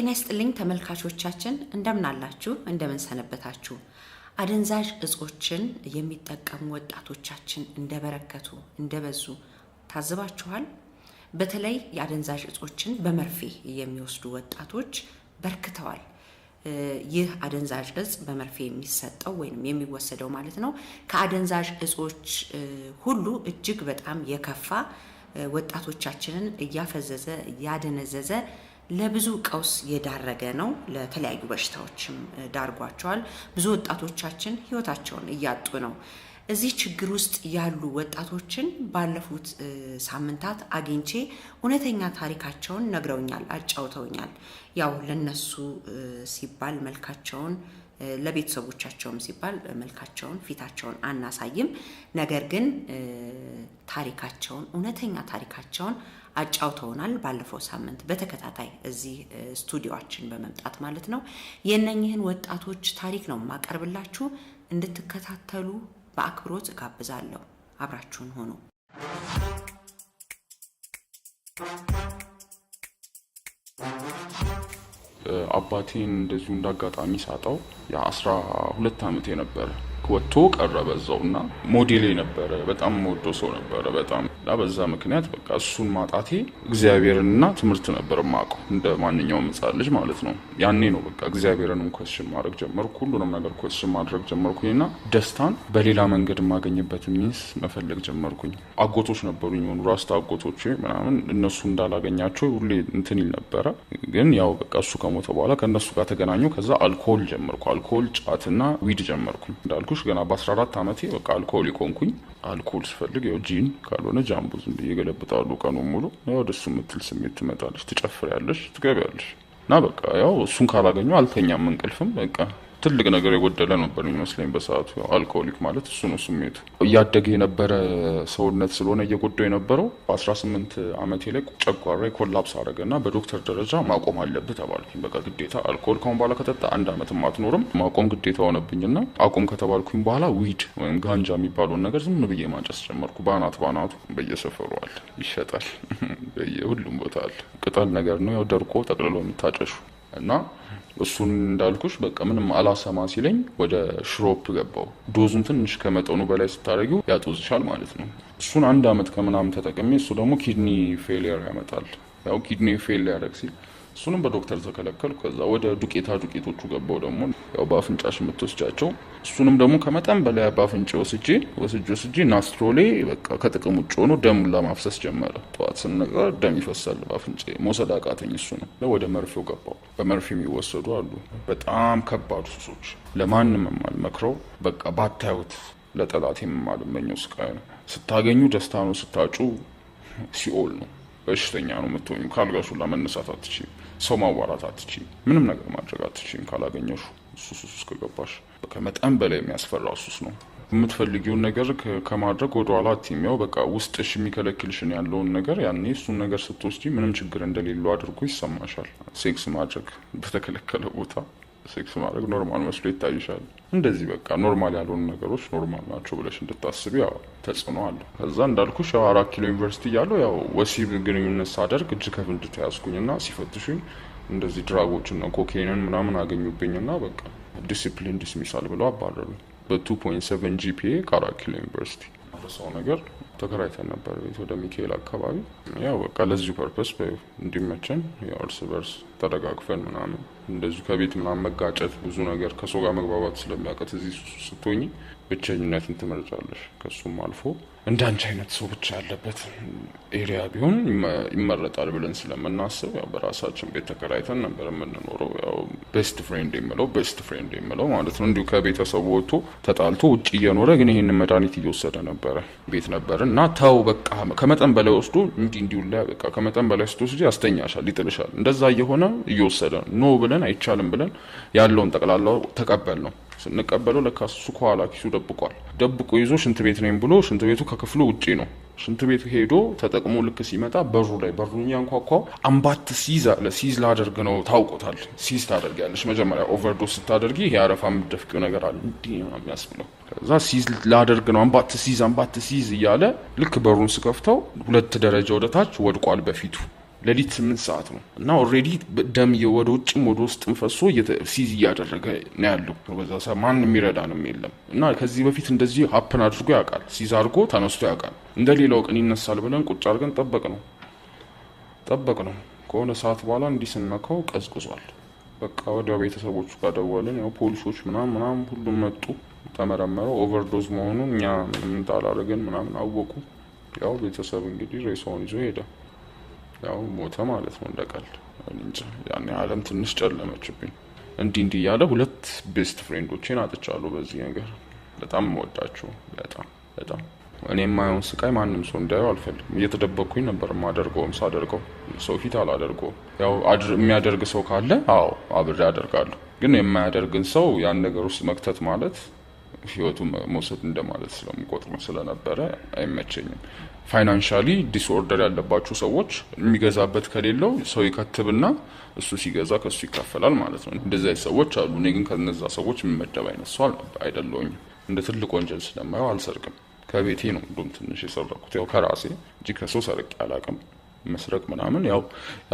ጤና ይስጥልኝ ተመልካቾቻችን፣ እንደምናላችሁ እንደምንሰነበታችሁ። አደንዛዥ እጾችን የሚጠቀሙ ወጣቶቻችን እንደበረከቱ እንደበዙ ታዝባችኋል። በተለይ የአደንዛዥ እጾችን በመርፌ የሚወስዱ ወጣቶች በርክተዋል። ይህ አደንዛዥ እጽ በመርፌ የሚሰጠው ወይም የሚወሰደው ማለት ነው ከአደንዛዥ እጾች ሁሉ እጅግ በጣም የከፋ ወጣቶቻችንን እያፈዘዘ እያደነዘዘ ለብዙ ቀውስ የዳረገ ነው። ለተለያዩ በሽታዎችም ዳርጓቸዋል። ብዙ ወጣቶቻችን ህይወታቸውን እያጡ ነው። እዚህ ችግር ውስጥ ያሉ ወጣቶችን ባለፉት ሳምንታት አግኝቼ እውነተኛ ታሪካቸውን ነግረውኛል፣ አጫውተውኛል። ያው ለነሱ ሲባል መልካቸውን ለቤተሰቦቻቸውም ሲባል መልካቸውን፣ ፊታቸውን አናሳይም። ነገር ግን ታሪካቸውን እውነተኛ ታሪካቸውን አጫውተውናል። ባለፈው ሳምንት በተከታታይ እዚህ ስቱዲዮችን በመምጣት ማለት ነው። የእነኝህን ወጣቶች ታሪክ ነው የማቀርብላችሁ። እንድትከታተሉ በአክብሮት እጋብዛለሁ። አብራችሁን ሆኑ። አባቴን እንደዚሁ እንዳጋጣሚ ሳጣው የአስራ ሁለት ዓመቴ ነበረ ወጥቶ ቀረ በዛው እና ሞዴሌ ነበረ። በጣም ወዶ ሰው ነበረ። በጣም እና በዛ ምክንያት በቃ እሱን ማጣቴ እግዚአብሔርንና ትምህርት ነበር ማቁ እንደ ማንኛውም ሕፃን ልጅ ማለት ነው። ያኔ ነው በቃ እግዚአብሔርንም ኮስሽን ማድረግ ጀመርኩ፣ ሁሉንም ነገር ኮስሽን ማድረግ ጀመርኩኝ ጀመርኩኝና ደስታን በሌላ መንገድ የማገኝበት ሚንስ መፈለግ ጀመርኩኝ። አጎቶች ነበሩኝ ሆኑ ራስታ አጎቶች ምናምን እነሱ እንዳላገኛቸው ሁሌ እንትን ይል ነበረ። ግን ያው በቃ እሱ ከሞተ በኋላ ከእነሱ ጋር ተገናኙ። ከዛ አልኮል ጀመርኩ፣ አልኮል ጫትና ዊድ ጀመርኩኝ። እንዳልኩሽ ገና በ14 ዓመቴ በቃ አልኮል ይኮንኩኝ። አልኮል ስፈልግ ያው ጂን ካልሆነ ጃምቡ ዝም ብዬ ገለብጣሉ ቀኑን ሙሉ ወደ ደሱ የምትል ስሜት ትመጣለች፣ ትጨፍሪያለሽ፣ ትገቢያለሽ እና በቃ ያው እሱን ካላገኙ አልተኛም እንቅልፍም በቃ ትልቅ ነገር የጎደለ ነበር ይመስለኝ በሰዓቱ። አልኮሆሊክ ማለት እሱ ነው ስሜቱ። እያደገ የነበረ ሰውነት ስለሆነ እየጎዳው የነበረው በ18 ዓመቴ ላይ ጨጓራ ኮላፕስ አደረገ እና በዶክተር ደረጃ ማቆም አለብህ ተባልኩኝ። በቃ ግዴታ አልኮል ካሁን በኋላ ከጠጣ አንድ ዓመትም አትኖርም ማቆም ግዴታ ሆነብኝ እና አቁም ከተባልኩኝ በኋላ ዊድ ወይም ጋንጃ የሚባለውን ነገር ዝም ብዬ ማጨስ ጀመርኩ። በአናት በአናቱ በየሰፈሩ አለ፣ ይሸጣል፣ በየሁሉም ቦታ አለ። ቅጠል ነገር ነው ያው ደርቆ ጠቅልሎ የምታጨሹ እና እሱን እንዳልኩሽ በቃ ምንም አላሰማ ሲለኝ ወደ ሽሮፕ ገባው። ዶዙን ትንሽ ከመጠኑ በላይ ስታደርጊው ያጦዝሻል ማለት ነው። እሱን አንድ አመት ከምናምን ተጠቅሜ እሱ ደግሞ ኪድኒ ፌሊየር ያመጣል። ያው ኪድኒ ፌል ሊያደርግ ሲል እሱንም በዶክተር ተከለከል። ከዛ ወደ ዱቄታ ዱቄቶቹ ገባው ደግሞ ያው በአፍንጫሽ የምትወስጃቸው እሱንም ደግሞ ከመጠን በላይ በአፍንጭ ወስጄ ወስጄ ወስጄ ናስትሮሌ በቃ ከጥቅም ውጭ ሆኖ ደሙን ለማፍሰስ ጀመረ። ጠዋት ስነቃ ደም ይፈሳል በአፍንጭ መውሰድ አቃተኝ። እሱ ነው ወደ መርፌው ገባው። በመርፌ የሚወሰዱ አሉ በጣም ከባድ ሱሶች፣ ለማንም የማልመክረው በቃ ባታዩት ለጠላት የማልመኘው ስቃይ ነው። ስታገኙ ደስታ ነው፣ ስታጩ ሲኦል ነው። በሽተኛ ነው የምትሆኙ። ካልጋሹ ለመነሳት አትችይም። ሰው ማዋራት አትችም፣ ምንም ነገር ማድረግ አትችም ካላገኘሽ ሱስ ውስጥ ከገባሽ። ከመጠን በላይ የሚያስፈራ ሱስ ነው። የምትፈልጊውን ነገር ከማድረግ ወደ ኋላ አትሚያው። በቃ ውስጥሽ የሚከለክልሽን ያለውን ነገር ያኔ እሱን ነገር ስትወስጂ ምንም ችግር እንደሌለው አድርጎ ይሰማሻል። ሴክስ ማድረግ በተከለከለ ቦታ ሴክስ ማድረግ ኖርማል መስሎ ይታይሻል። እንደዚህ በቃ ኖርማል ያልሆኑ ነገሮች ኖርማል ናቸው ብለሽ እንድታስብ ያው ተጽዕኖ አለ። ከዛ እንዳልኩሽ ያው አራት ኪሎ ዩኒቨርሲቲ እያለሁ ያው ወሲብ ግንኙነት ሳደርግ እጅ ከፍንጅ ተያዝኩኝና ሲፈትሹኝ እንደዚህ ድራጎችና ኮኬንን ምናምን አገኙብኝና በቃ ዲሲፕሊን ዲስሚሳል ብለው በቱ በ በ2.7 ጂፒኤ ከአራት ኪሎ ዩኒቨርሲቲ ሰው ነገር ተከራይተን ነበር ቤት ወደ ሚካኤል አካባቢ። ያው በቃ ለዚሁ ፐርፐስ እንዲመቸን እርስ በርስ ተደጋግፈን ምናምን እንደዚሁ ከቤት ምናምን መጋጨት ብዙ ነገር ከሰው ጋር መግባባት ስለሚያውቀት እዚህ ስትሆኝ ብቸኝነትን ትመርጫለሽ። ከሱም አልፎ አንቺ አይነት ሰው ብቻ ያለበት ኤሪያ ቢሆን ይመረጣል ብለን ስለምናስብ ያው በራሳችን ቤት ተከራይተን ነበር የምንኖረው። ያው ቤስት ፍሬንድ የምለው ቤስት ፍሬንድ የምለው ማለት ነው እንዲሁ ከቤተሰቡ ወጥቶ ተጣልቶ ውጭ እየኖረ ግን ይህን መድኃኒት እየወሰደ ነበረ። ቤት ነበር እና ተው በቃ ከመጠን በላይ ወስዶ እንዲ እንዲሁ ላይ በቃ ከመጠን በላይ ስትወስጂ ያስተኛሻል፣ ይጥልሻል። እንደዛ እየሆነ እየወሰደ ኖ ብለን አይቻልም ብለን ያለውን ጠቅላላው ተቀበል ነው ስንቀበለው ለካ እሱ ከኋላ ኪሱ ደብቋል። ደብቆ ይዞ ሽንት ቤት ነኝ ብሎ ሽንት ቤቱ ከክፍሉ ውጪ ነው። ሽንት ቤቱ ሄዶ ተጠቅሞ ልክ ሲመጣ በሩ ላይ በሩ ያንኳኳው አምባት ሲዝ አለ። ሲዝ ላደርግ ነው ታውቆታል። ሲዝ ታደርጊያለሽ መጀመሪያ ኦቨርዶስ ስታደርጊ ይሄ አረፋ የምትደፍቂው ነገር አለ እንዲህ ነው የሚያስብለው። ከዛ ሲዝ ላደርግ ነው አምባት ሲዝ አምባት ሲዝ እያለ ልክ በሩን ስከፍተው ሁለት ደረጃ ወደታች ወድቋል በፊቱ ሌሊት ስምንት ሰዓት ነው እና ኦሬዲ ደም ወደ ውጭም ወደ ውስጥም ፈሶ ሲዝ እያደረገ ነው ያለው። በዛ ሰ ማን የሚረዳንም የለም እና ከዚህ በፊት እንደዚህ ሀፕን አድርጎ ያውቃል። ሲዝ አድርጎ ተነስቶ ያውቃል። እንደ ሌላው ቀን ይነሳል ብለን ቁጭ አድርገን ጠበቅ ነው ጠበቅ ነው። ከሆነ ሰዓት በኋላ እንዲህ ስነካው ቀዝቅዟል። በቃ ወዲያ ቤተሰቦቹ ጋር ደወልን። ያው ፖሊሶች ምናምን ምናምን ሁሉም መጡ። ተመረመረው ኦቨርዶዝ መሆኑን እኛ ምንም እንዳላደረግን ምናምን አወቁ። ያው ቤተሰብ እንግዲህ ሬሳውን ይዞ ሄደ። ያው ሞተ ማለት ነው። እንደ ቀልድ ያኔ ትንሽ ጨለመችብኝ። እንዲህ እንዲህ እያለ ሁለት ቤስት ፍሬንዶቼን አጥቻሉ በዚህ ነገር። በጣም የምወዳቸው በጣም በጣም እኔ የማየውን ስቃይ ማንም ሰው እንዳየው አልፈልግም። እየተደበኩኝ ነበር የማደርገውም ሳደርገው ሰው ፊት አላደርገውም። ያው የሚያደርግ ሰው ካለ አዎ አብሬ አደርጋለሁ። ግን የማያደርግን ሰው ያን ነገር ውስጥ መክተት ማለት ህይወቱ መውሰድ እንደማለት ስለምቆጥሩ ስለነበረ አይመቸኝም። ፋይናንሻሊ ዲስኦርደር ያለባቸው ሰዎች የሚገዛበት ከሌለው ሰው ይከትብና እሱ ሲገዛ ከሱ ይካፈላል ማለት ነው። እንደዚያ ሰዎች አሉ። እኔ ግን ከነዛ ሰዎች የሚመደብ አይነት ሰው አይደለውኝ እንደ ትልቅ ወንጀል ስለማየው አልሰርቅም። ከቤቴ ነው እንዲሁም ትንሽ የሰረኩት ያው ከራሴ እንጂ ከሰው ሰርቅ አላቅም። መስረቅ ምናምን ያው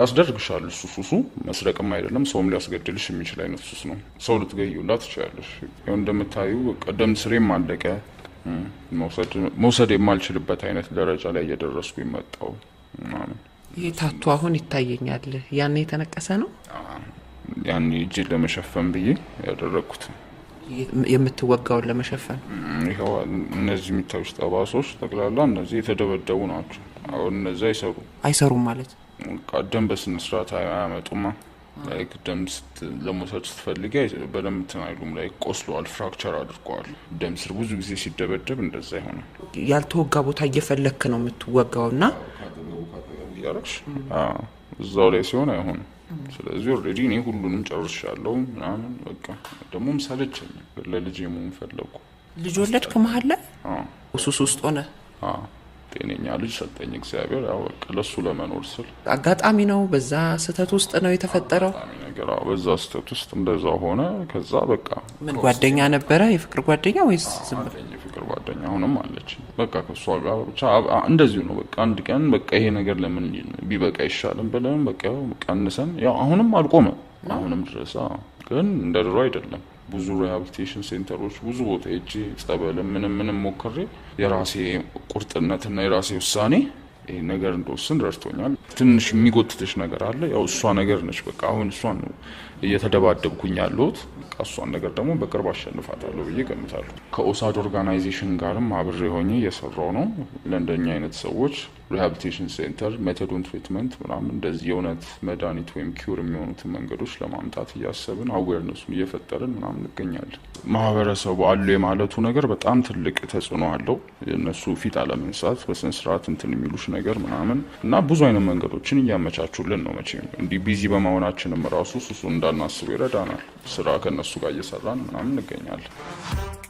ያስደርግሻል። እሱ ሱሱ መስረቅም አይደለም ሰውም ሊያስገድልሽ የሚችል አይነት ሱስ ነው። ሰው ልትገዩላ ትችላለሽ። ያው እንደምታዩ ቀደም ስሬም አለቀ። መውሰድ የማልችልበት አይነት ደረጃ ላይ እየደረስኩ መጣው ምናምን። ይህ ታቱ አሁን ይታየኛል። ያኔ የተነቀሰ ነው። ያኔ እጅ ለመሸፈን ብዬ ያደረግኩት የምትወጋውን ለመሸፈን። ይኸው እነዚህ የሚታዩት ጠባሶች ጠቅላላ እነዚህ የተደበደቡ ናቸው። አሁን እነዚ አይሰሩም አይሰሩም ማለት ቀደም በስነ ስርዓት አያመጡማ። ላይክ ደም ለመውሰድ ስትፈልጊ በደንብ እንትን አይሉም። ላይክ ቆስለዋል፣ ፍራክቸር አድርገዋል። ደም ስር ብዙ ጊዜ ሲደበደብ እንደዛ ይሆናል። ያልተወጋ ቦታ እየፈለክ ነው የምትወጋው ና ያረግሽ እዛው ላይ ሲሆን አይሆን ስለዚህ ኦልሬዲ እኔ ሁሉንም ጨርሻለሁ ምናምን በቃ ደግሞ ሰለቸኝ። ለልጅ የመሆን ፈለጉ ልጅ ወለድክ መሀል ላይ ሱስ ውስጥ ሆነ ልጅ ሰጠኝ እግዚአብሔር። ያው በቃ ለሱ ለመኖር ስል አጋጣሚ ነው፣ በዛ ስህተት ውስጥ ነው የተፈጠረው ነገር። በዛ ስህተት ውስጥ እንደዛ ሆነ። ከዛ በቃ ምን ጓደኛ ነበረ፣ የፍቅር ጓደኛ ወይስ ዝም የፍቅር ጓደኛ አሁንም አለች። በቃ ከእሷ ጋር ብቻ እንደዚሁ ነው። በቃ አንድ ቀን በቃ ይሄ ነገር ለምን ቢበቃ ይሻልም ብለን በቃ ቀንሰን፣ ያው አሁንም አልቆመ አሁንም ድረሳ ግን እንደ ድሮ አይደለም። ብዙ ሪሃብሊቴሽን ሴንተሮች ብዙ ቦታ ሄጄ ጸበልም ምንም ምንም ሞክሬ የራሴ ቁርጥነትና የራሴ ውሳኔ ይሄ ነገር እንደወስን ረድቶኛል። ትንሽ የሚጎትትሽ ነገር አለ። ያው እሷ ነገር ነች። በቃ አሁን እሷን ነው እየተደባደብኩኝ ያለሁት። እሷን ነገር ደግሞ በቅርብ አሸንፋታለሁ ብዬ ገምታለሁ። ከኦሳድ ኦርጋናይዜሽን ጋርም አብሬ ሆኜ እየሰራው ነው። ለእንደኛ አይነት ሰዎች ሪሃብሊቴሽን ሴንተር ሜቶዶን ትሪትመንት ምናምን እንደዚህ የእውነት መድኃኒት ወይም ኪውር የሚሆኑትን መንገዶች ለማምጣት እያሰብን አዌርነሱን እየፈጠርን ምናምን እንገኛለን። ማህበረሰቡ አሉ የማለቱ ነገር በጣም ትልቅ ተጽዕኖ አለው። እነሱ ፊት አለመንሳት በስነስርዓት እንትን የሚሉሽ ነገር ነገር ምናምን እና ብዙ አይነት መንገዶችን እያመቻቹልን ነው። መቼም እንዲህ ቢዚ በመሆናችንም ራሱ ሱሱ እንዳናስቡ ይረዳናል። ስራ ከነሱ ጋር እየሰራን ምናምን እንገኛለን።